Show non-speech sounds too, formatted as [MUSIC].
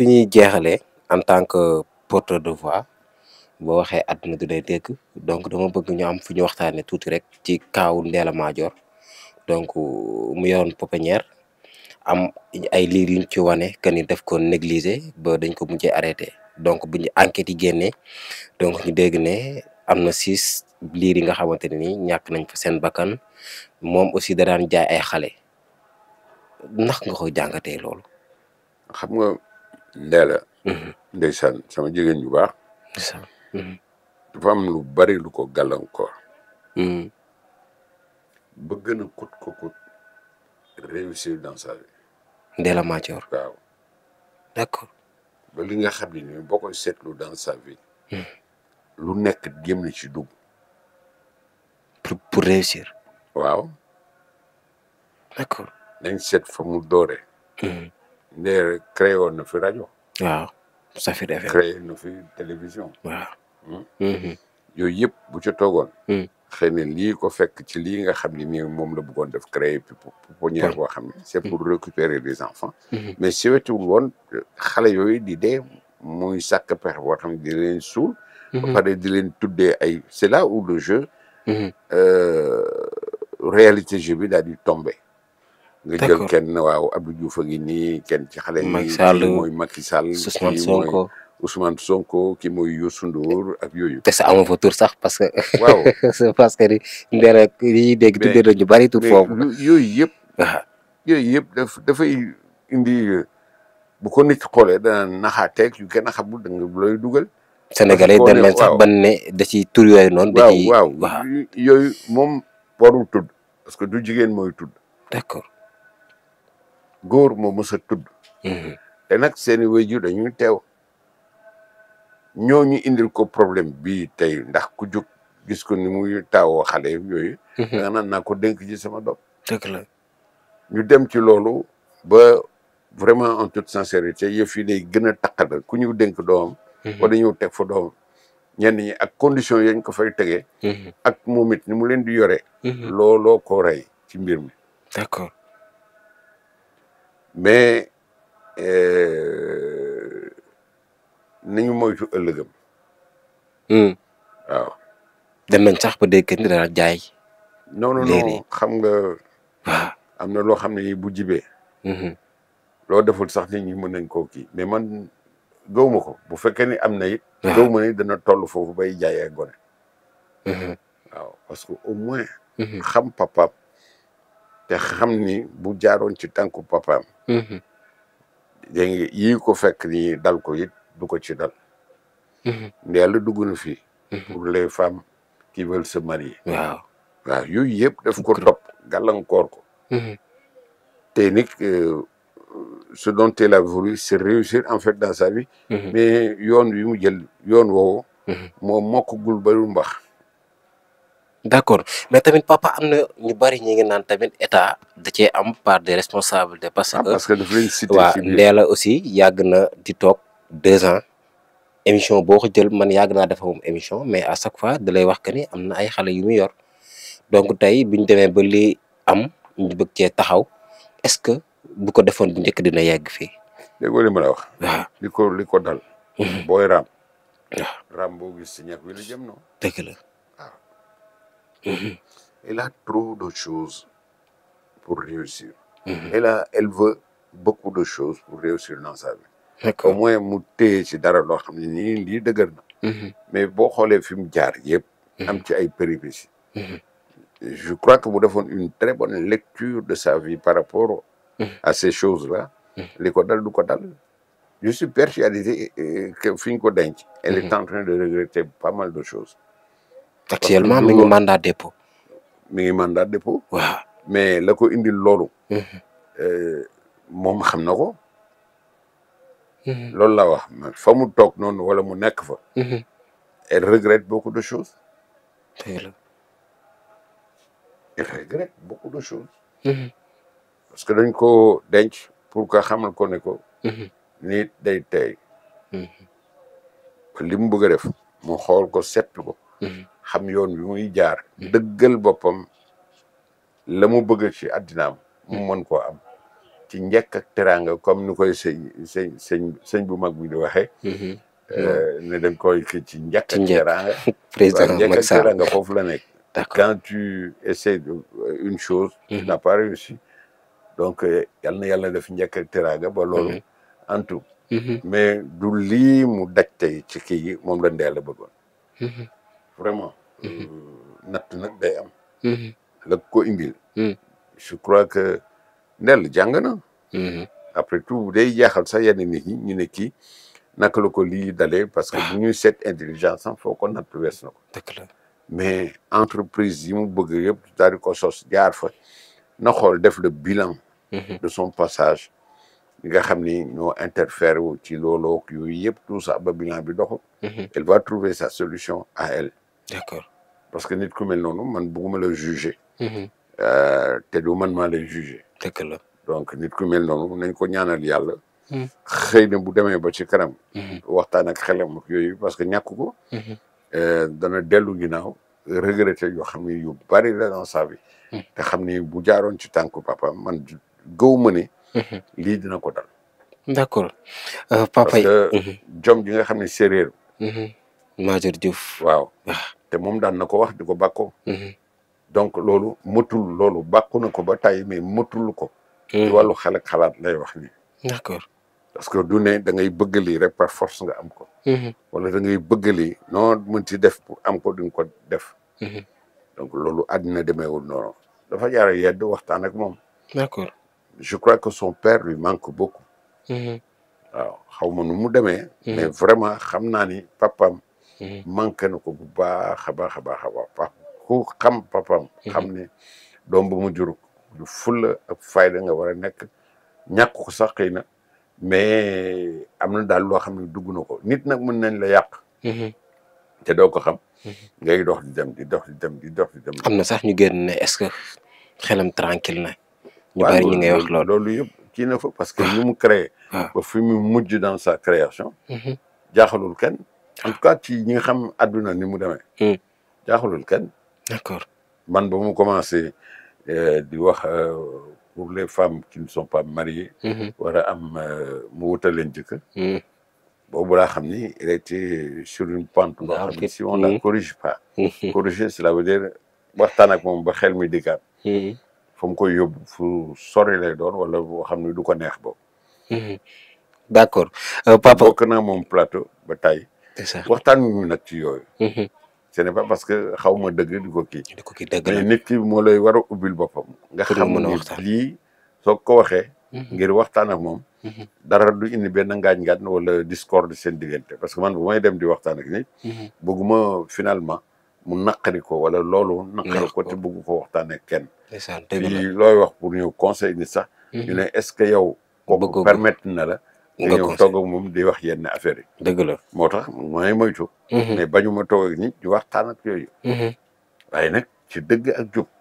fi ñuy jeexalee en tant que porteur de voix boo waxee àdduna du day dégg donc dama bëgg ñu am fu ñu waxtaanee tuuti rek ci kaawu ndeela Madior donc euh, mu yoroon pouponnière am ay liir yuñ ci wane que ni daf ko négligé ba dañ ko mujjee arrêté donc bu ñu enquête yi génnee donc ñu dégg am na six liir yi nga xamante ne nii ñàkk nañ fa seen bakkan moom aussi da daan jaay ay xale ndax nga koy jàngatee loolu. xam nga. ndee la mhm. sama jigéen ñu baax mhm. dafa lu bari lu ko gàllankoor ba gën a kut ko kut réussir dans sa vie ndee waaw d'accord ba li nga xam ne nii boo koy seetlu dans sa mhm. lu nekk gém na ci dugg pour réussir waaw d'accord nañ seet famu mu doore de créé woon na fi rajo. waaw Safir FM. créé na fi télévision. waaw. yooyu yëpp bu ca toogoon. xëy na lii ko fekk ci lii nga xam ne mi moom la bëggoon def créer pouponnière boo xam ne c'est pour récupérer des enfants. mais si wetuwul woon xale yooyu di eh, dee muy sàkk pexe boo xam ne di leen suul. pare di leen tuddee ay c'est là où le jeu. réalité jeu bi daal di tombe nga jël kenn waaw Abdou Diouf a ngi nii kenn ci xale yi. Macky Sall mooy Macky Sall. Ousmane Sonko Ousmane Sonko ki mooy Youssou Ndour ak yooyu. te sa amoo fa tur sax parce que. waaw [LAUGHS] parce que ndera yi dégg tuddee nañu bari tur foofu. yooyu yëpp. Ah. yooyu yëpp daf dafay indi bu ko nit xoolee dana naxaateeg yu kenn xamul da nga looy dugal. Sénégalais dañ leen sax ban ne da ci tur yooyu noonu. da ciy waaw waaw yooyu moom warul tudd parce que du jigéen mooy tudd. d'accord. góor moo mës a tudd mm-hmm. te nag seeni wéyju dañuy teew ñoo ñu indil ko problème bi tey ndax ku jóg gis ko ni muy taawoo xale yooyu danga mm-hmm. naan naa ko dénk ci sama doom dëgg la ñu dem ci loolu ba vraiment en tout sincérité yëf yi day gën a taqadal ku ñu dénk doom mm-hmm. wala ñëw teg fa doom ñenn ñi ak condition yañ ko fay tegee ak moom it ni mu leen di yore looloo ko rey ci mbir mi d'accord mais euh, nañu moytu ëllëgam. Hmm. waaw. dem nañ sax ba dégg ni dana jaay. non no non xam nga. am na loo xam ne bu jibee. Hmm. loo deful sax nit ñi mën nañ koo kii mais man gaw ma ko bu fekkee ne am na it. gaw ma ni dana toll foofu bay jaayee gone. Hmm. waaw parce que au moins. xam papaam. te xam ni bu jaaroon ci tànku papaam. Mm-hmm. dégg yii ko fekk nii dal ko it du ko ci dal. Mm-hmm. yàlla dugg na fi mm-hmm. pour les femmes qui veulent se marier. waaw waaw yooyu yëpp daf ko topp gàllankoor ko. te nit euh, ce dont réussir en fait dans sa vie. mais yoon wi mu jël yoon woowu. moo mokkagul ba lu mbax. d'accord mais tamit papa am na ñu bari ñi ngi naan tamit état da cee am par de responsabilité. Ah, parce que parce que daf leen aussi yàgg na di toog deux ans émission boo ko jël man yàgg naa dafa moom émission mais à chaque fois da lay wax que ni am na ay xale yu mu yor donc tey bi ñu demee ba lii am ñu bëgg taxaw est-ce que bu ko defoon bu njëkk dina yàgg fii. wax. waaw li ko li elle ah, a trop de choses pour réussir. elle a veut beaucoup de choses pour réussir dans sa vie. au moins mu téye ci dara loo xam ne nii lii dëgër na. mais boo xoolee fi mu jaar yëpp. am ci ay péripéties. je crois que bu defoon une très bonne lecture de sa vie par rapport. à ces choses là. li ko dal du ko dal. je suis persuadé eh, eh, que fi ñu ko denc. elle est en train de regretter pas mal de choses. actuellement mi ngi mandat dépôt. mi ngi mandat dépôt. waaw mais la ko indil loolu. Mhm. Euh, moom xam na ko. Mhm. loolu la wax fa mu toog noonu wala mu nekk fa. Mhm. elle regrette beaucoup de choses. elle regrette beaucoup de choses. parce que dañ ko denc pour xam xamal ko ne ko. nit day tey. li mu bëgg a def mu xool ko sepp ko. xam yoon bi muy jaar hmm. dëggal boppam la mu bëgg ci àddinaam mu hmm. mën ko am ci njëkk ak teraanga comme ni koy sëñ sëñ sëñ sëñ bu mag bi di waxee hmm. euh, ne dañ koy kii ci njëkk ak teraanga [LAUGHS] président njëkk ak la nekk quand tu essaies euh, une chose tu n'as pas donc euh, yal na yàlla def njëkk ak teraanga ba loolu en tout mais du lii daj tey ci kii yi moom la ndeel la bëggoon natt nag day am. Mm-hmm. la ko indil. Mm-hmm. je crois que ndel jàng na. Mm-hmm. après tout day jaaxal sax yenn nit ñi ñu ne kii naka la ko lii dalee parce que ah. bu ñuy seet intelligence am foo ko natt wees ko. dëgg mais entreprise yi mu bëgg yëpp daal ko sos jaar fa na xool def le bilan. de son passage. ñi nga xam ni ñoo interfère wu ci looloo yooyu yëpp tout ça ba bilan bi doxul. elle va trouver sa solution à elle. d'accord parce que nit ku mel noonu man bëgguma la juger. Mhm. Euh, te du man maa lay juger. dëgg la donc nit ku mel nañ ko ñaanal yàlla. Mhm. xëy bu demee ba ci kanam. Mhm. waxtaan ak xelam ak yooyu parce que ñàkk ko. Euh, dana dellu ginnaaw regretté yoo xam ne yu bari la dans te xam ni bu jaaroon ci tànku papa man gëw ma ne. lii dina ko dal. d'accord euh, papa jom ji nga xam ne séeréer. Madior Diouf waaw. Ah. te moom daan na ko wax di ko bàkkoo mhm. donc loolu mëtul loolu bàkku na ko ba tàyyi mais mëtul ko ci mhm. wàllu xel ak xalaat lay wax nii parce que du ne da ngay bëgg lii rek par force nga am ko mhm. wala da ngay bëgg lii non mën ci def pour am ko duñ ko def donc loolu àddina demeewul noonu dafa jaara yedd waxtaan ak moom d'accord je crois que son père lui manque beaucoup waaw xaw ma nu mu demee mais vraiment xam naa ni papam manqué na ko bu baax a baax a baax a baax ku xam papam xam ne doom bu mu jur lu fulla ak fayda nga war a nekk ñàkk ko sax xëy na mais am na daal loo xam ne dugg na ko nit nag mën nañ la yàq te doo ko xam ngay dox di dem di dox di dem di dox di dem am na sax ñu génn ne est-ce que xelam tranquille na ñu bari ñi ngay wax loolu loolu yëpp kii na fa parce que ñu mu créé ba fi mu mujj dans sa création jaaxalul kenn en tout cas ci ñi nga xam àdduna ni mu demee. Hmm. jaaxalul kenn. d'accord man ba mu commencé euh, di wax euh, pour les femmes qui ne sont pas mariées. war a am euh, mu wutal leen hmm. boobu laa xam ni il était sur une pente. boo xam ni si on la hmm. corrige pas. corriger cela veut dire waxtaan ak moom ba xel mi dikkaat. fa ko koy fu sori lay doon wala boo xam ni du ko neex boobu. d'accord papa bokk naa moom plateau ba tey. waxtaan ñu nag ci yooyu. Mm-hmm. ce n'est pas parce que xaw ma dëgg di ko kii. di ko kii dëgg la nit ki moo lay war a ubbil boppam. nga xam ne lii soo ko waxee. Mm-hmm. ngir waxtaan ak moom. Mm-hmm. dara du indi benn ngaañ-ngaañ wala discorde seen diggante parce que man bu may dem di waxtaan ak nit. bëgguma finalement mu naqari ko wala loolu. naqari ko te bëgg ko waxtaan ak kenn. looy wax pour ñëw conseil nit sax. ñu est-ce que yow. kooku permettre na la. nga ñëw toog ak moom di wax yenn affaire yi. dëgg la moo tax mooy moytu. mais mhm. bañu ma toog ak nit di waxtaan mhm. ci dëgg ak